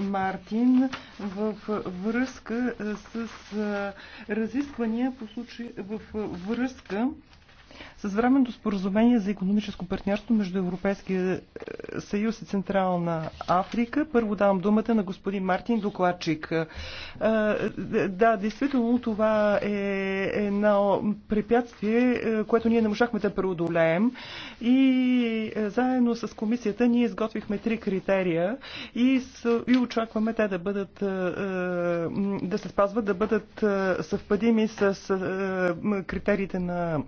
Мартин в връзка с разисквания по случай в връзка с временното споразумение за економическо партньорство между Европейския е, съюз и Централна Африка, първо давам думата на господин Мартин Докладчик. Е, е, да, действително това е едно препятствие, което ние не можахме да преодолеем и заедно с комисията ние изготвихме три критерия и, с, и очакваме те да бъдат да се спазват, да бъдат съвпадими с критериите на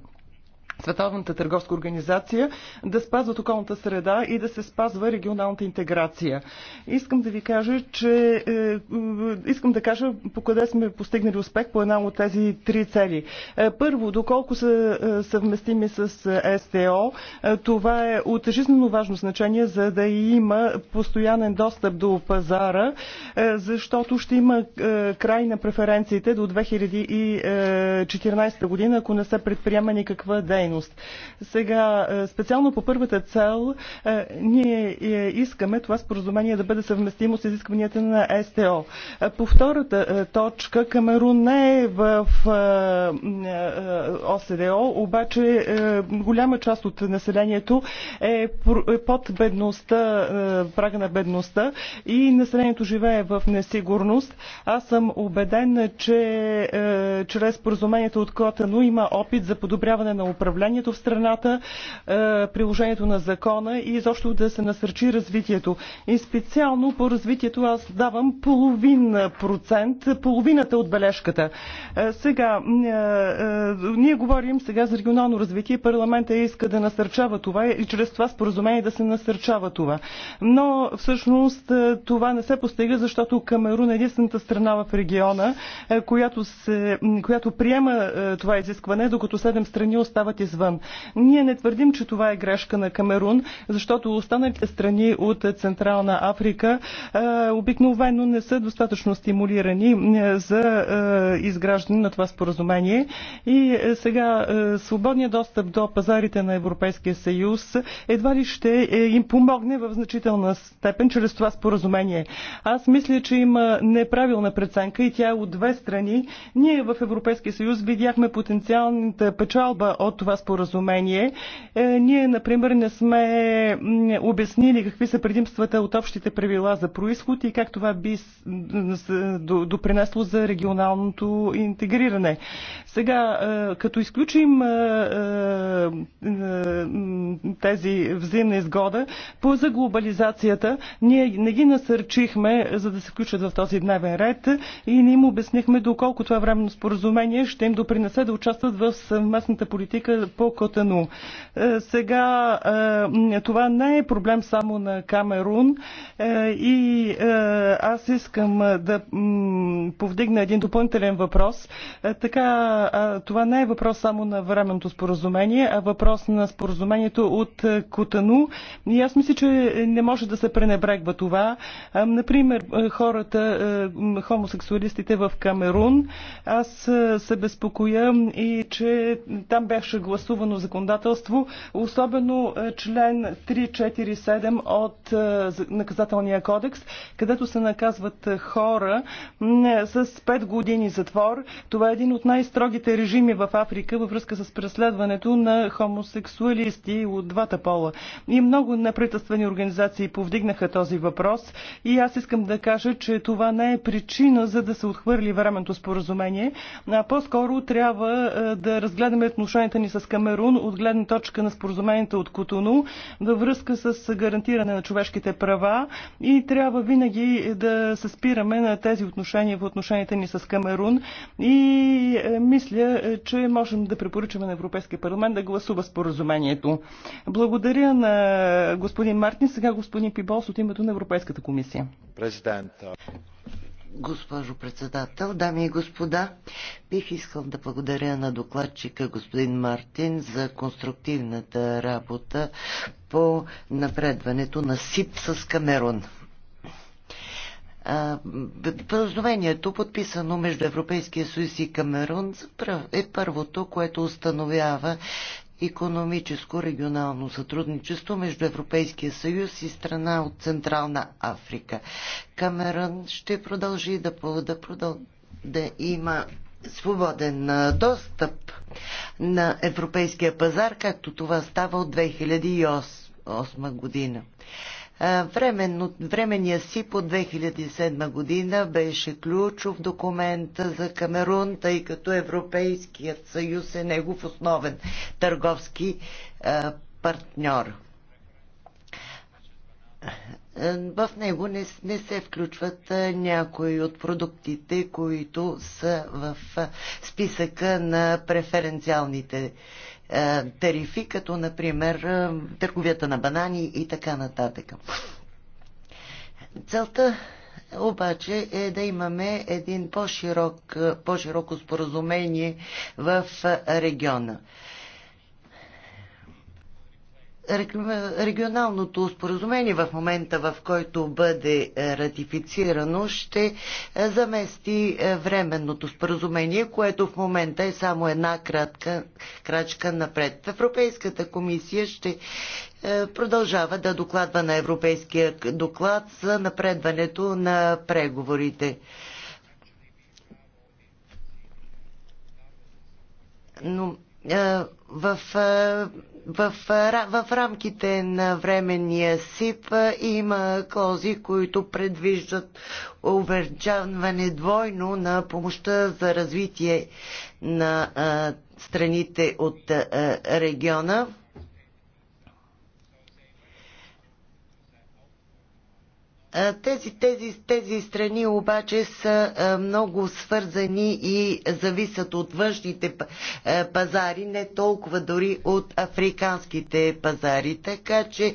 Световната търговска организация да спазват околната среда и да се спазва регионалната интеграция. Искам да ви кажа, че е, искам да кажа по къде сме постигнали успех по една от тези три цели. Е, първо, доколко са е, съвместими с е, СТО, е, това е от жизненно важно значение, за да има постоянен достъп до пазара, е, защото ще има е, край на преференциите до 2014 е, година, ако не се предприема никаква дейност дейност. Сега, е, специално по първата цел, е, ние е, искаме това споразумение да бъде съвместимо с изискванията на СТО. По втората точка, Камерун не е в ОСДО, обаче голяма част от населението е под бедността, прага на бедността и населението живее в несигурност. Аз съм убеден, че чрез споразумението от Котано има опит за подобряване на управлението управлението в страната, е, приложението на закона и изобщо да се насърчи развитието. И специално по развитието аз давам половин процент, половината от бележката. Е, сега, е, ние говорим сега за регионално развитие. Парламента иска да насърчава това и чрез това споразумение да се насърчава това. Но всъщност това не се постига, защото Камерун е единствената страна в региона, която, се, която приема това изискване, докато седем страни остават извън. Ние не твърдим, че това е грешка на Камерун, защото останалите страни от Централна Африка е, обикновено не са достатъчно стимулирани е, за е, изграждане на това споразумение. И е, сега е, свободният достъп до пазарите на Европейския съюз едва ли ще е, им помогне в значителна степен чрез това споразумение. Аз мисля, че има неправилна преценка и тя е от две страни. Ние в Европейския съюз видяхме потенциалната печалба от това това споразумение. Е, ние, например, не сме обяснили какви са предимствата от общите правила за происход и как това би допринесло за регионалното интегриране. Сега, е, като изключим е, тези взаимна изгода, по за глобализацията ние не ги насърчихме, за да се включат в този дневен ред и не им обяснихме доколко това временно споразумение ще им допринесе да участват в съвместната политика по Котану. Е, сега е, това не е проблем само на Камерун е, и аз искам да повдигна един допълнителен въпрос. Така, това не е въпрос само на временното споразумение, а въпрос на споразумението от Котану. И аз мисля, че не може да се пренебрегва това. Например, хората, хомосексуалистите в Камерун, аз се безпокоя и че там беше гласувано съгласувано законодателство, особено е, член 347 от е, наказателния кодекс, където се наказват е, хора с 5 години затвор. Това е един от най-строгите режими в Африка във връзка с преследването на хомосексуалисти от двата пола. И много непритъствени организации повдигнаха този въпрос и аз искам да кажа, че това не е причина за да се отхвърли временното споразумение, а по-скоро трябва да разгледаме отношенията ни с с Камерун от гледна точка на споразумението от Котону във връзка с гарантиране на човешките права и трябва винаги да се спираме на тези отношения в отношенията ни с Камерун и е, мисля, че можем да препоръчаме на Европейския парламент да гласува споразумението. Благодаря на господин Мартин. Сега господин Пибос, от името на Европейската комисия. Президента. Госпожо председател, дами и господа, бих искал да благодаря на докладчика господин Мартин за конструктивната работа по напредването на СИП с Камерун. Поразумението, подписано между Европейския съюз и Камерун, е първото, което установява, економическо регионално сътрудничество между Европейския съюз и страна от Централна Африка. Камерън ще продължи да, да, продъл... да има свободен достъп на европейския пазар, както това става от 2008 година. Временно, временния си по 2007 година беше ключов документ за Камерун, тъй като Европейският съюз е негов основен търговски партньор. В него не, не се включват някои от продуктите, които са в списъка на преференциалните е, тарифи, като например е, търговията на банани и така нататък. Целта обаче е да имаме един по-широк, е, по-широко споразумение в региона регионалното споразумение в момента, в който бъде е, ратифицирано, ще е, замести е, временното споразумение, което в момента е само една кратка крачка напред. Европейската комисия ще продължава да докладва на Европейския доклад за напредването на преговорите. Но в в, в рамките на временния СИП има клози, които предвиждат увеличаване двойно на помощта за развитие на а, страните от а, региона. Тези, тези, тези страни обаче са много свързани и зависят от външните пазари, не толкова дори от африканските пазари. Така че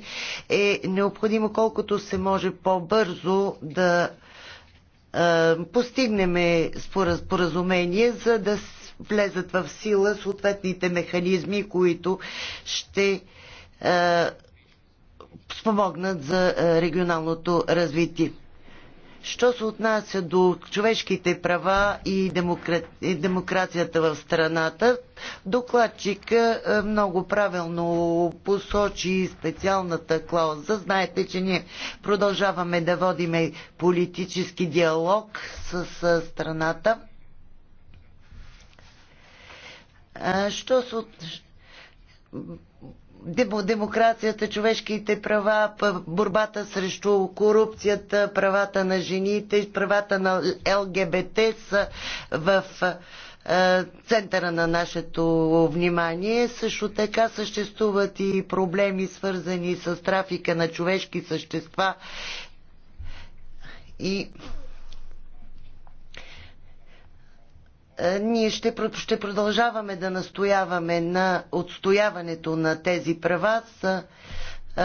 е необходимо колкото се може по-бързо да постигнем споразумение, за да влезат в сила съответните механизми, които ще спомогнат за е, регионалното развитие. Що се отнася до човешките права и, демокра... и демокрацията в страната, докладчика е, много правилно посочи специалната клауза. Знаете, че ние продължаваме да водиме политически диалог с е, страната. Що се от демокрацията, човешките права, борбата срещу корупцията, правата на жените, правата на ЛГБТ са в центъра на нашето внимание. Също така съществуват и проблеми свързани с трафика на човешки същества и Е, ние ще, ще продължаваме да настояваме на отстояването на тези права с е,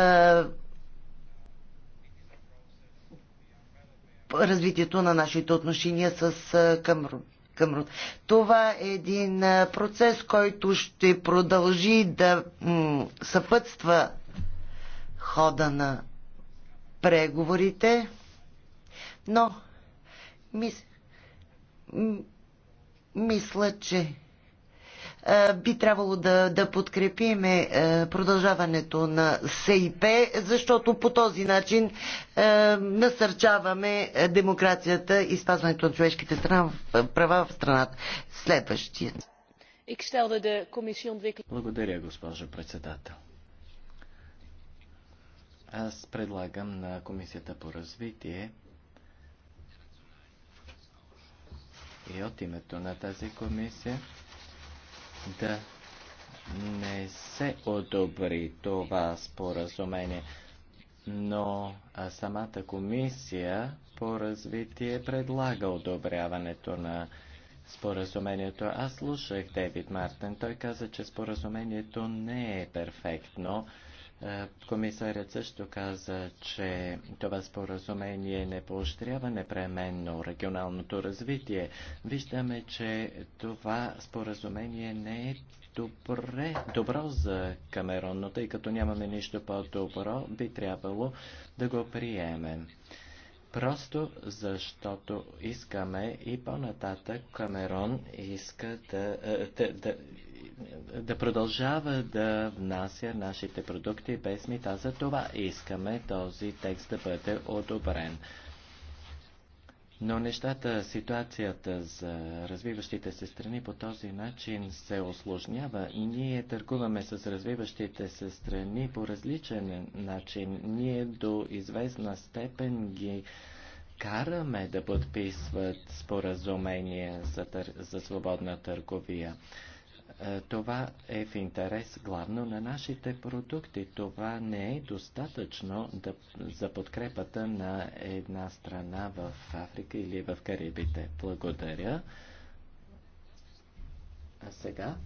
развитието на нашите отношения с към е, Камрун. Това е един процес, който ще продължи да съпътства хода на преговорите, но мисля мисля, че би трябвало да, да подкрепиме продължаването на СИП, защото по този начин насърчаваме демокрацията и спазването на човешките страна, права в страната. Следващия. Благодаря, госпожо председател. Аз предлагам на Комисията по развитие и от името на тази комисия да не се одобри това споразумение, но самата комисия по развитие предлага одобряването на споразумението. Аз слушах Дейвид Мартен. Той каза, че споразумението не е перфектно. Е, комисарят също каза, че това споразумение не поощрява непременно регионалното развитие. Виждаме, че това споразумение не е добре, добро за Камерон, но тъй като нямаме нищо по-добро, би трябвало да го приемем. Просто защото искаме и по-нататък Камерон иска да, е, да, да да продължава да внася нашите продукти без мита. За това искаме този текст да бъде одобрен. Но нещата, ситуацията за развиващите се страни по този начин се осложнява. Ние търгуваме с развиващите се страни по различен начин. Ние до известна степен ги караме да подписват споразумения за, тър... за свободна търговия. Е, това е в интерес главно на нашите продукти. Това не е достатъчно да, за подкрепата на една страна в Африка или в Карибите. Благодаря. А сега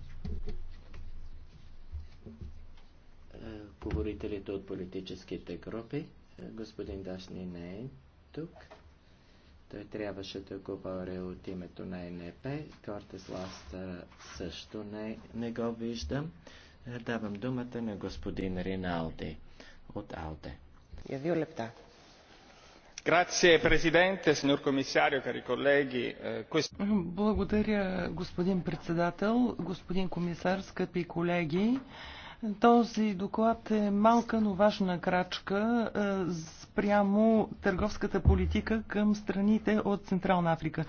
е, говорителите от политическите групи. Е, господин Дашни не е тук. Той трябваше да говори от името на НП. Кортес Ластър също не, не го виждам. Е, давам думата на господин Риналди от Алде. Я ви лепта. Grazie Presidente, signor Commissario, cari colleghi. Благодаря, господин председател, господин комисар, скъпи колеги. Този доклад е малка, но важна крачка е, спрямо търговската политика към страните от Централна Африка.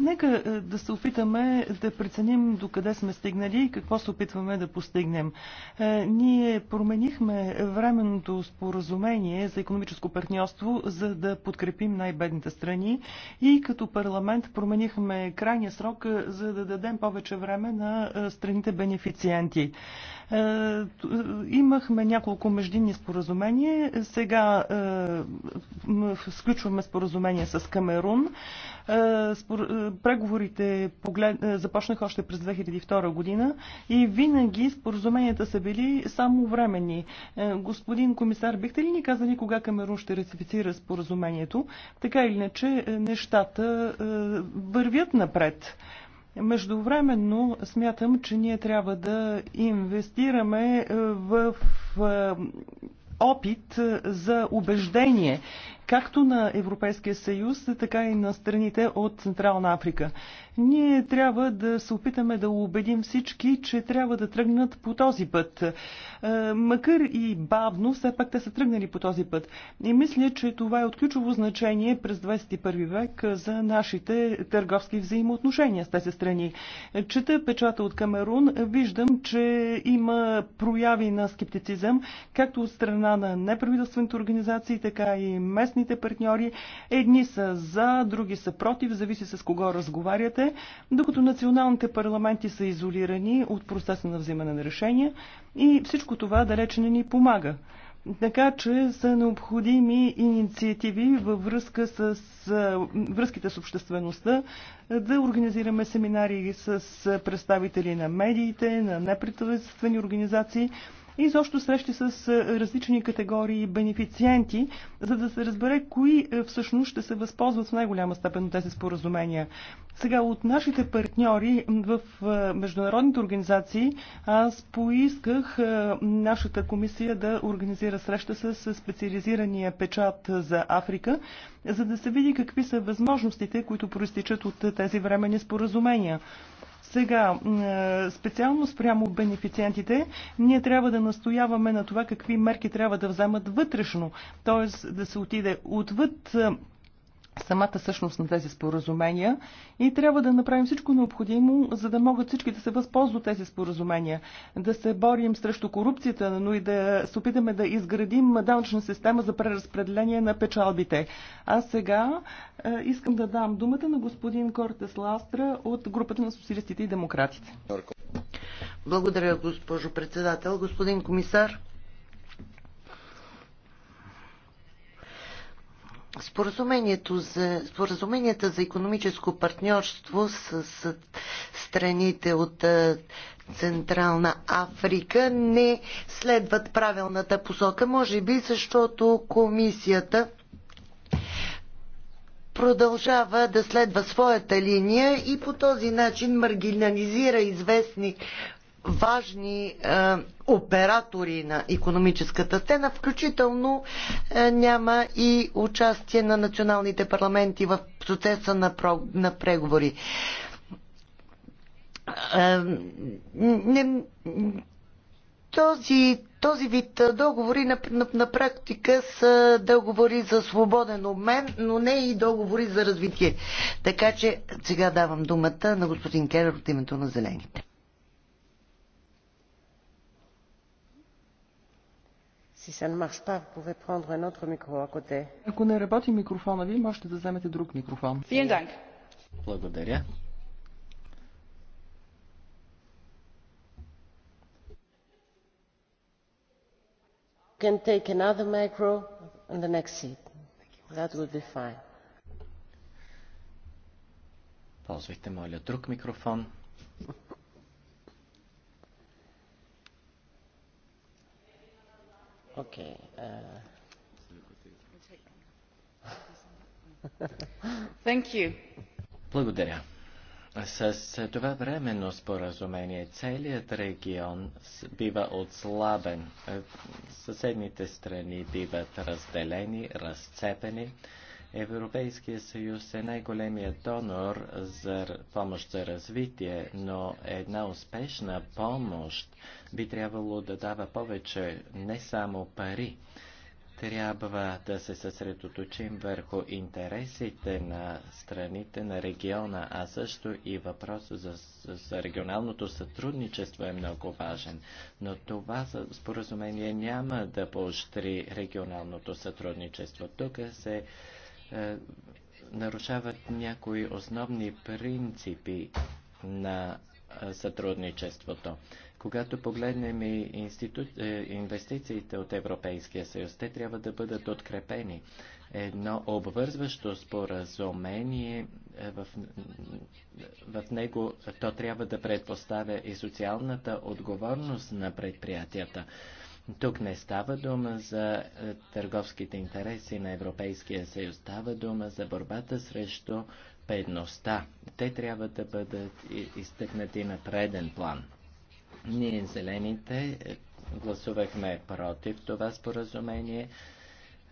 Нека е, да се опитаме да преценим докъде сме стигнали и какво се опитваме да постигнем. Е, ние променихме временното споразумение за економическо партньорство, за да подкрепим най-бедните страни и като парламент променихме крайния срок, е, за да дадем повече време на страните бенефициенти. Е, е, имахме няколко междинни споразумения. Сега е, сключваме споразумение с Камерун. Преговорите започнаха още през 2002 година и винаги споразуменията са били само времени. Господин комисар, бихте ли ни казали кога Камерун ще ратифицира споразумението? Така или иначе, нещата вървят напред. Междувременно смятам, че ние трябва да инвестираме е, в е, опит за убеждение както на Европейския съюз, така и на страните от Централна Африка. Ние трябва да се опитаме да убедим всички, че трябва да тръгнат по този път. Е, макар и бавно, все пак те са тръгнали по този път. И мисля, че това е от ключово значение през 21 век за нашите търговски взаимоотношения с тези страни. Чета печата от Камерун, виждам, че има прояви на скептицизъм, както от страна на неправителствените организации, така и местни съвместните партньори. Едни са за, други са против, зависи с кого разговаряте, докато националните парламенти са изолирани от процеса на взимане на решения и всичко това далеч не ни помага. Така че са необходими инициативи във връзка с връзките с обществеността, да организираме семинари с представители на медиите, на неправителствени организации – и изобщо срещи с различни категории бенефициенти, за да се разбере кои всъщност ще се възползват в най-голяма степен от тези споразумения. Сега от нашите партньори в международните организации аз поисках нашата комисия да организира среща с специализирания печат за Африка, за да се види какви са възможностите, които проистичат от тези временни споразумения. Сега, е, специално спрямо бенефициентите, ние трябва да настояваме на това какви мерки трябва да вземат вътрешно, т.е. да се отиде отвъд е, самата същност на тези споразумения и трябва да направим всичко необходимо, за да могат всички да се възползват тези споразумения, да се борим срещу корупцията, но и да се опитаме да изградим данъчна система за преразпределение на печалбите. А сега е, искам да дам думата на господин Кортес Ластра от групата на социалистите и демократите. Благодаря, госпожо председател. Господин комисар, Споразумението за, споразуменията за економическо партньорство с, с страните от е, Централна Африка не следват правилната посока, може би защото комисията продължава да следва своята линия и по този начин маргинализира известни важни е, оператори на економическата тена, включително е, няма и участие на националните парламенти в процеса на, про, на преговори. Е, не, този, този вид договори на, на, на практика са договори за свободен обмен, но не и договори за развитие. Така че сега давам думата на господин Келер от името на Зелените. Ако не работи микрофона ви, можете да вземете друг микрофон. Благодаря. can take another micro in the next seat. That would be fine. Ползвайте, моля, друг микрофон. Okay. Eh. Thank you. Благодаря. С това временно споразумение целият регион бива отслабен. Е, съседните страни биват разделени, разцепени. Европейския съюз е най-големият донор за помощ за развитие, но една успешна помощ би трябвало да дава повече не само пари. Трябва да се съсредоточим върху интересите на страните на региона, а също и въпросът за, за регионалното сътрудничество е много важен. Но това споразумение няма да поощри регионалното сътрудничество. Тук се е, нарушават някои основни принципи на е, сътрудничеството. Когато погледнем и институт, е, инвестициите от Европейския съюз, те трябва да бъдат открепени. Едно обвързващо споразумение, в, в него то трябва да предпоставя и социалната отговорност на предприятията. Тук не става дума за е, търговските интереси на Европейския съюз, става дума за борбата срещу бедността. Те трябва да бъдат изтъкнати на преден план. Ние, зелените, е, гласувахме против това споразумение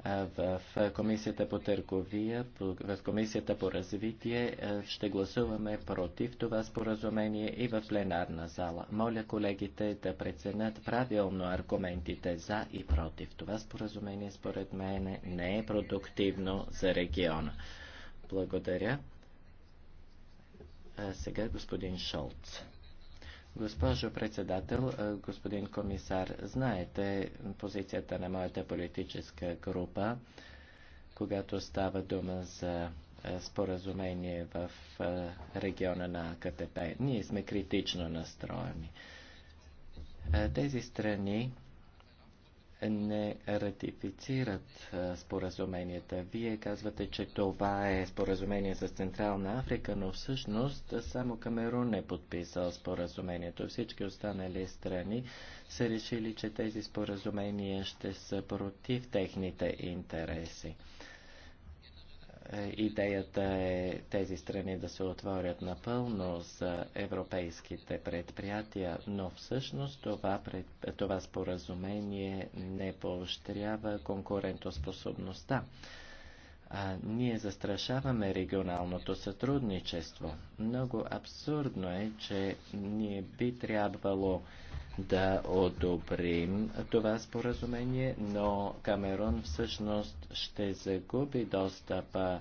в Комисията по търговия, в Комисията по развитие ще гласуваме против това споразумение и в пленарна зала. Моля колегите да преценят правилно аргументите за и против. Това споразумение според мен не е продуктивно за региона. Благодаря. А сега господин Шолц. Госпожо председател, господин комисар, знаете позицията на моята политическа група, когато става дума за споразумение в региона на АКТП. Ние сме критично настроени. Тези страни не ратифицират споразуменията. Вие казвате, че това е споразумение с Централна Африка, но всъщност само Камерун е подписал споразумението. Всички останали страни са решили, че тези споразумения ще са против техните интереси. Е, идеята е тези страни да се отворят напълно за европейските предприятия, но всъщност това, пред, това споразумение не поощрява конкурентоспособността. А ние застрашаваме регионалното сътрудничество. Много абсурдно е, че ние би трябвало да одобрим това споразумение, но Камерон всъщност ще загуби достъпа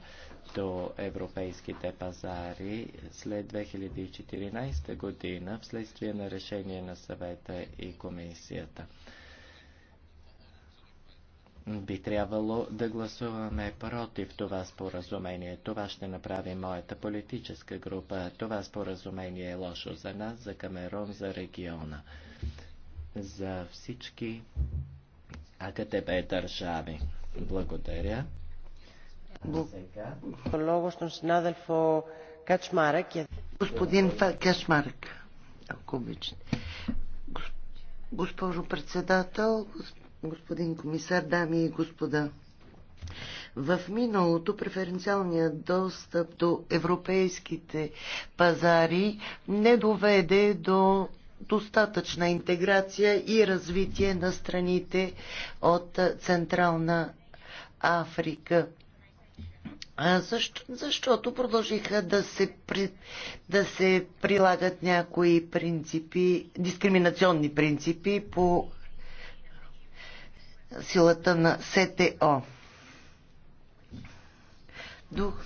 до европейските пазари след 2014 година вследствие на решение на съвета и комисията. Би трябвало да гласуваме против това споразумение. Това ще направи моята политическа група. Това споразумение е лошо за нас, за Камерон, за региона за всички АКТП държави. Благодаря. Е- господин Качмарек, ако обичате. Госпожо председател, господин комисар, дами и господа. В миналото преференциалният достъп до европейските пазари не доведе до достатъчна интеграция и развитие на страните от Централна Африка. Защо, защото продължиха да се, при, да се прилагат някои принципи, дискриминационни принципи по силата на СТО. Дух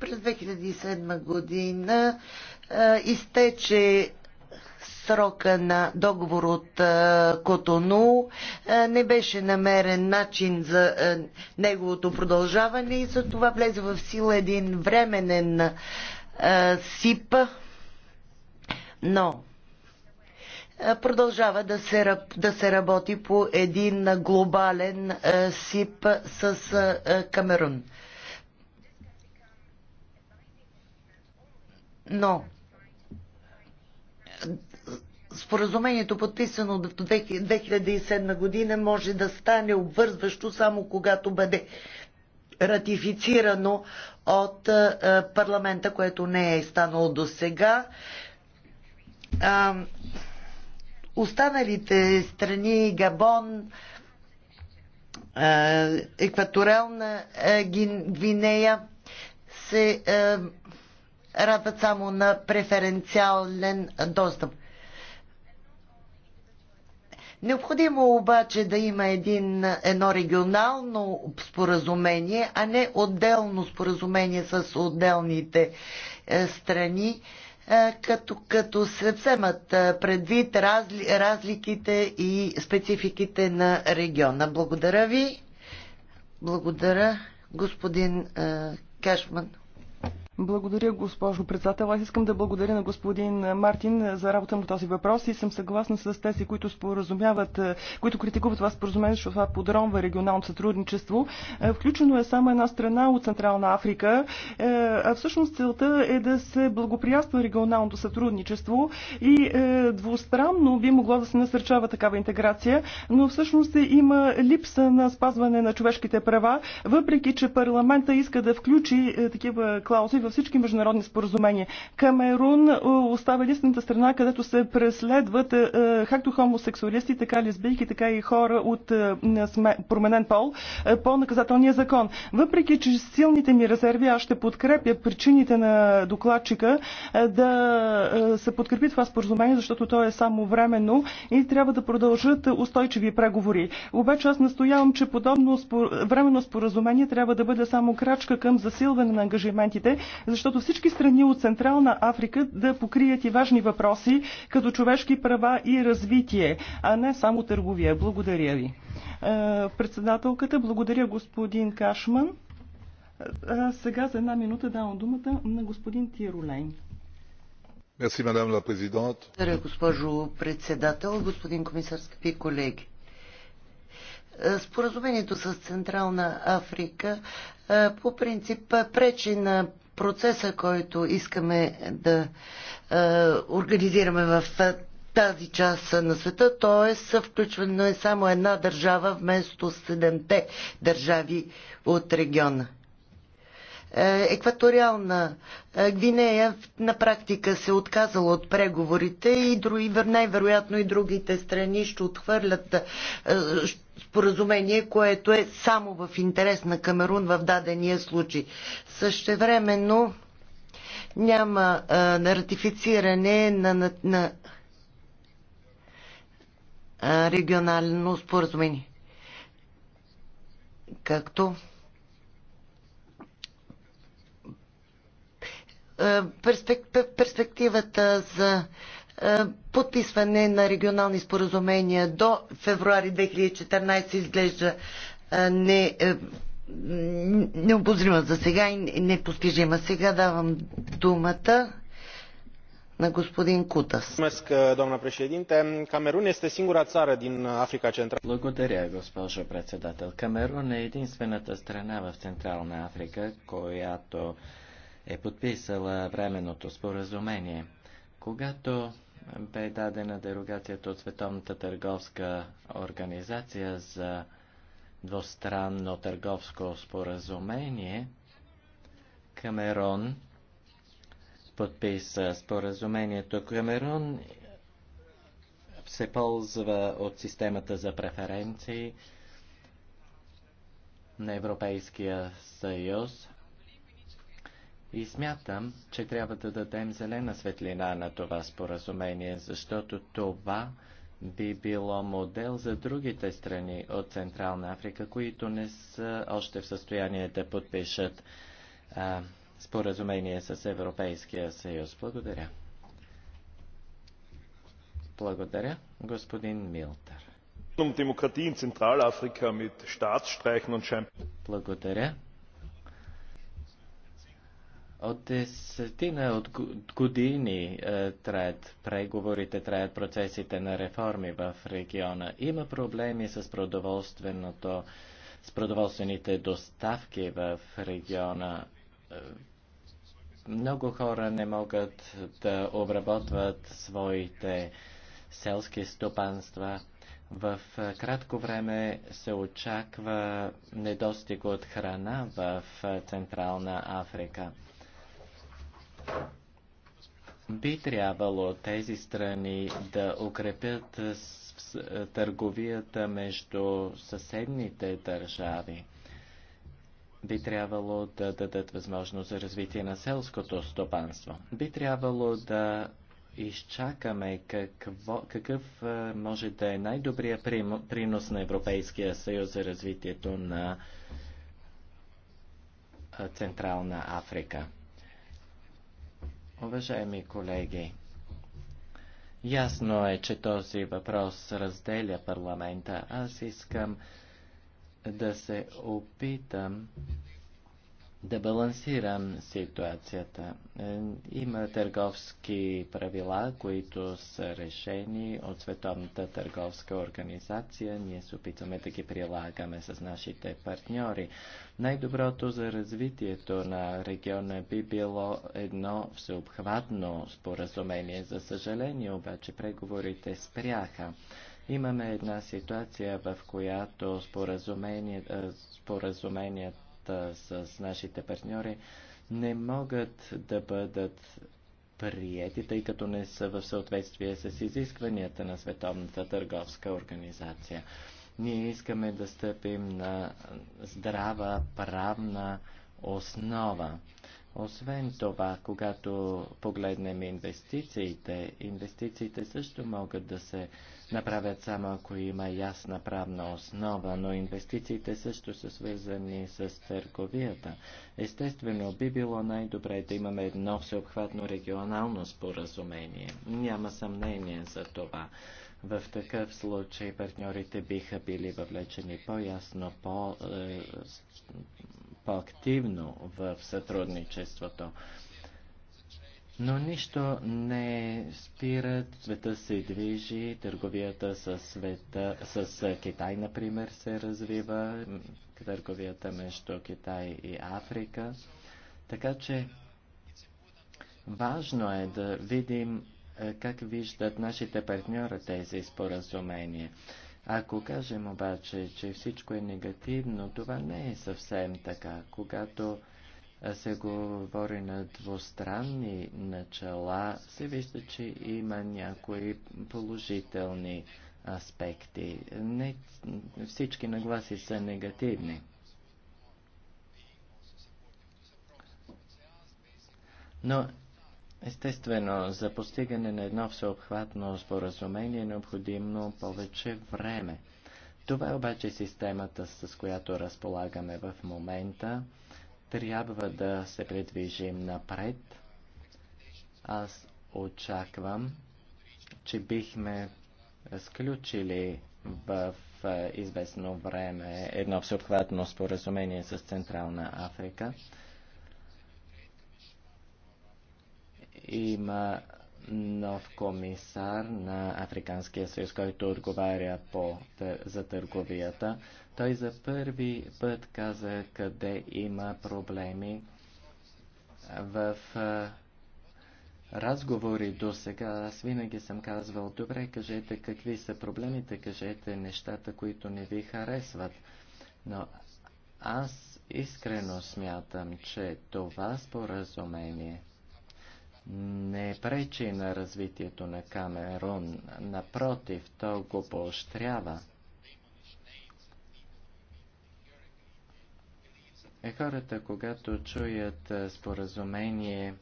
През 2007 година изтече срока на договор от Котону. Не беше намерен начин за неговото продължаване и за това влезе в сила един временен СИП. Но продължава да се, да се работи по един глобален СИП с Камерун. Но споразумението, подписано в 2007 година, може да стане обвързващо само когато бъде ратифицирано от е, парламента, което не е станало до сега. Е, останалите страни Габон, е, Екваториална Гвинея се радват само на преференциален достъп. Необходимо обаче да има един, едно регионално споразумение, а не отделно споразумение с отделните е, страни, е, като, като се вземат е, предвид разли, разликите и спецификите на региона. Благодаря ви. Благодаря, господин Кешман. Кашман. Благодаря, госпожо председател. Аз искам да благодаря на господин Мартин за работа на този въпрос и съм съгласна с тези, които споразумяват, е, които критикуват това споразумение, защото това подронва регионално сътрудничество. Е, включено е само една страна от Централна Африка, е, а всъщност целта е да се благоприятства регионалното сътрудничество и двустранно би могло да се насърчава такава интеграция, но всъщност има липса на спазване на човешките права, въпреки че парламента иска да включи такива клаузи във всички международни споразумения. Камерун е, остава единствената страна, където се преследват е, е, както хомосексуалисти, така лесбийки, така и хора от променен пол по наказателния закон. Въпреки, че силните ми резерви, аз ще подкрепя причините на докладчика да се подкрепи това споразумение, защото то е само временно и трябва да продължат устойчиви преговори. Обаче аз настоявам, че подобно временно споразумение трябва да бъде само крачка към засилване на ангажиментите защото всички страни от Централна Африка да покрият и важни въпроси, като човешки права и развитие, а не само търговия. Благодаря ви. Е, председателката, благодаря господин Кашман. Е, сега за една минута давам думата на господин Тиролейн. Благодаря, госпожо председател, господин комисар, скъпи колеги. Е, споразумението с Централна Африка по принцип пречи на процеса, който искаме да е, организираме в тази част на света, т.е. включване на само една държава вместо седемте държави от региона. Е, екваториална е, Гвинея на практика се е отказала от преговорите и други, най-вероятно и другите страни ще отхвърлят споразумение, което е само в интерес на Камерун в дадения случай. Същевременно няма а, на ратифициране на, на, на а, регионално споразумение. Както Е, перспективата за е, подписване на регионални споразумения до февруари 2014 изглежда е, не необозрима за сега и непостижима. Сега давам думата на господин Кутас. Благодаря, госпожо председател. Камерун е единствената страна в Централна Африка, която е подписала временното споразумение. Когато бе дадена дерогацията от Световната търговска организация за двустранно търговско споразумение, Камерон подписа споразумението. Камерон се ползва от системата за преференции на Европейския съюз. И смятам, че трябва да дадем зелена светлина на това споразумение, защото това би било модел за другите страни от Централна Африка, които не са още в състояние да подпишат а, споразумение с Европейския съюз. Благодаря. Благодаря, господин Милтър. Благодаря. От десетина от години е, траят преговорите, траят процесите на реформи в региона. Има проблеми с продоволственото, с продоволствените доставки в региона. Е, много хора не могат да обработват своите селски стопанства. В е, кратко време се очаква недостиг от храна в е, Централна Африка. Би трябвало тези страни да укрепят търговията между съседните държави. Би трябвало да дадат възможност за развитие на селското стопанство. Би трябвало да изчакаме какво, какъв може да е най-добрият принос на Европейския съюз за развитието на Централна Африка. Уважаеми колеги, ясно е, че този въпрос разделя парламента. Аз искам да се опитам да балансирам ситуацията. Е, има търговски правила, които са решени от Световната търговска организация. Ние се опитваме да ги прилагаме с нашите партньори. Най-доброто за развитието на региона би било едно всеобхватно споразумение. За съжаление обаче преговорите спряха. Имаме една ситуация, в която споразумение, е, споразумението с нашите партньори не могат да бъдат приети, тъй като не са в съответствие с изискванията на Световната търговска организация. Ние искаме да стъпим на здрава правна основа. Освен това, когато погледнем инвестициите, инвестициите също могат да се направят само ако има ясна правна основа, но инвестициите също са свързани с търговията. Естествено, би било най-добре да имаме едно всеобхватно регионално споразумение. Няма съмнение за това. В такъв случай партньорите биха били въвлечени по-ясно, по, е, по-активно в сътрудничеството. Но нищо не спира, света се движи, търговията с, света, с е, Китай, например, се развива, търговията между Китай и Африка. Така че важно е да видим е, как виждат нашите партньори тези споразумения. Ако кажем обаче, че всичко е негативно, това не е съвсем така. Когато е, се говори на двустранни начала, се вижда, че има някои положителни аспекти. Не всички нагласи са негативни. Но Естествено, за постигане на едно всеобхватно споразумение е необходимо повече време. Това е обаче системата, с която разполагаме в момента. Трябва да се предвижим напред. Аз очаквам, че бихме сключили в известно време едно всеобхватно споразумение с Централна Африка. Има нов комисар на Африканския съюз, който отговаря по, за търговията. Той за първи път каза къде има проблеми в разговори до сега, аз винаги съм казвал, добре, кажете какви са проблемите, кажете нещата, които не ви харесват. Но аз искрено смятам, че това споразумение не пречи на развитието на Камерун. Напротив, то го поощрява. Е хората, когато чуят споразумение,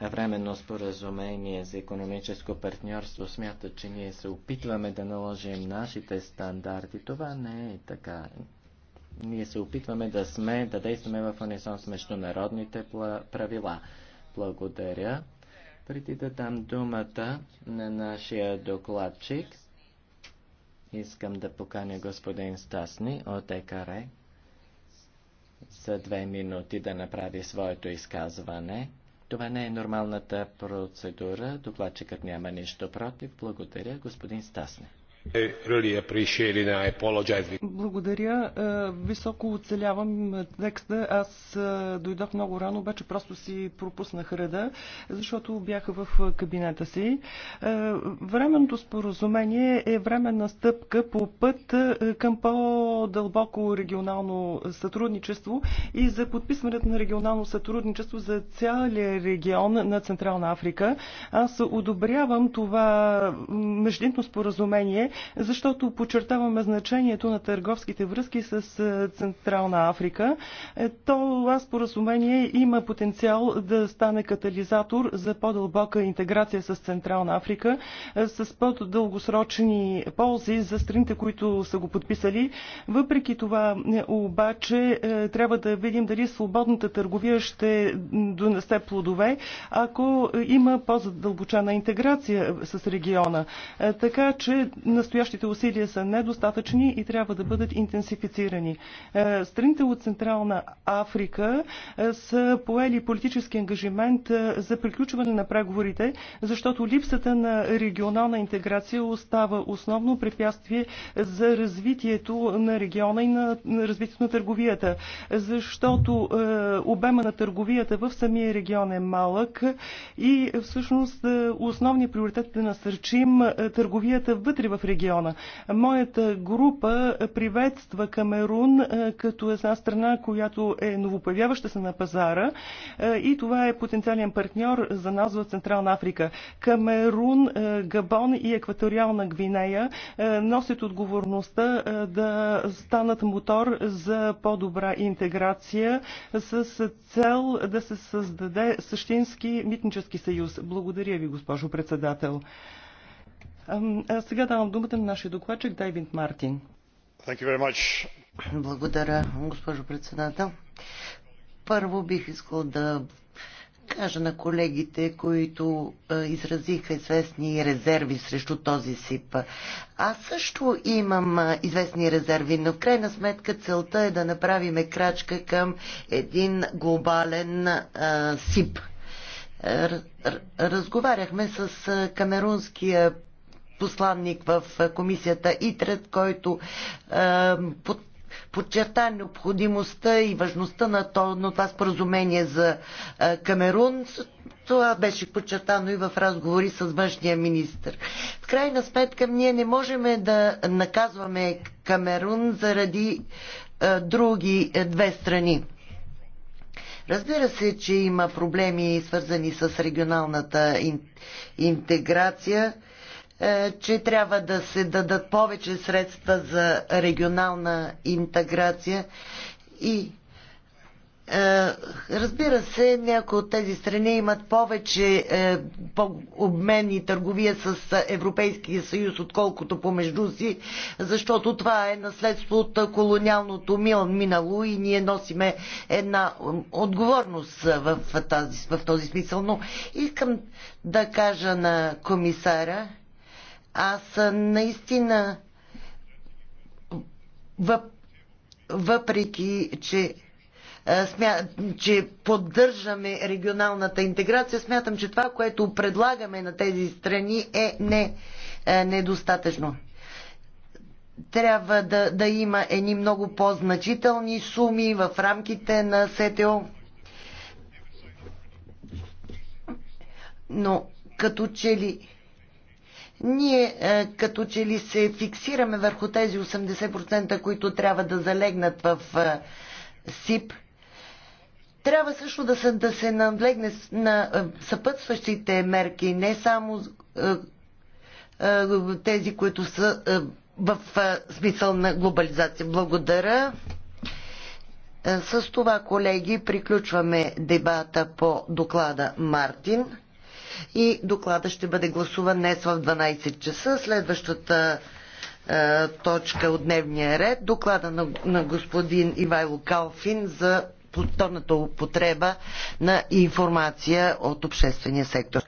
временно споразумение за економическо партньорство, смятат, че ние се опитваме да наложим нашите стандарти. Това не е така. Ние се опитваме да сме, да действаме в унисон с международните правила. Благодаря. Преди да дам думата на нашия докладчик, искам да поканя господин Стасни от ЕКАРЕ за две минути да направи своето изказване. Това не е нормалната процедура. Докладчикът няма нищо против. Благодаря, господин Стасне. Благодаря. Е, високо оцелявам текста. Аз е, дойдох много рано, обаче просто си пропуснах реда, защото бях в кабинета си. Е, временното споразумение е временна стъпка по път към по-дълбоко регионално сътрудничество и за подписването на регионално сътрудничество за цялия регион на Централна Африка. Аз одобрявам това междинно споразумение, защото подчертаваме значението на търговските връзки с Централна Африка. Е, то, споразумение има потенциал да стане катализатор за по-дълбока интеграция с Централна Африка, е, с по-дългосрочни ползи за страните, които са го подписали. Въпреки това, е, обаче, трябва да видим дали свободната търговия ще донесе плодове, ако има по-задълбочена интеграция с региона. Така че настоящите усилия са недостатъчни и трябва да бъдат интенсифицирани. Е, страните от Централна Африка е, са поели политически ангажимент е, за приключване на преговорите, защото липсата на регионална интеграция остава основно препятствие за развитието на региона и на развитието на търговията, защото обема на търговията в самия регион е малък и всъщност основният приоритет е да насърчим търговията вътре в региона региона. Моята група приветства Камерун като една страна, която е новопоявяваща се на пазара и това е потенциален партньор за нас в Централна Африка. Камерун, Габон и Екваториална Гвинея носят отговорността да станат мотор за по-добра интеграция с цел да се създаде същински митнически съюз. Благодаря ви, госпожо председател. А сега давам думата на нашия докладчик Дайвинт Мартин. Благодаря, госпожо председател. Първо бих искал да кажа на колегите, които а, изразиха известни резерви срещу този СИП. Аз също имам а, известни резерви, но в крайна сметка целта е да направиме крачка към един глобален а, СИП. Разговаряхме с камерунския посланник в комисията ИТРЕД, който под подчерта необходимостта и важността на, то, на това споразумение за Камерун. Това беше подчертано и в разговори с външния министр. В крайна сметка ние не можем да наказваме Камерун заради други две страни. Разбира се, че има проблеми свързани с регионалната интеграция е, че трябва да се дадат повече средства за регионална интеграция и е, Разбира се, някои от тези страни имат повече е, обмен и търговия с Европейския съюз, отколкото помежду си, защото това е наследство от колониалното минало и ние носиме една отговорност в, тази, в този смисъл. Но искам да кажа на комисара, аз наистина въпреки, че смя... че поддържаме регионалната интеграция, смятам, че това, което предлагаме на тези страни е не, е недостатъчно. Трябва да, да има едни много по-значителни суми в рамките на СТО. Но като че ли ние е, като че ли се фиксираме върху тези 80%, които трябва да залегнат в е, СИП, трябва също да се, да се надлегне на е, съпътстващите мерки, не само е, е, тези, които са е, в е, смисъл на глобализация. Благодаря. Е, с това, колеги, приключваме дебата по доклада Мартин и доклада ще бъде гласуван днес в 12 часа. Следващата е, точка от дневния ред, доклада на, на господин Ивайло Калфин за повторната употреба на информация от обществения сектор.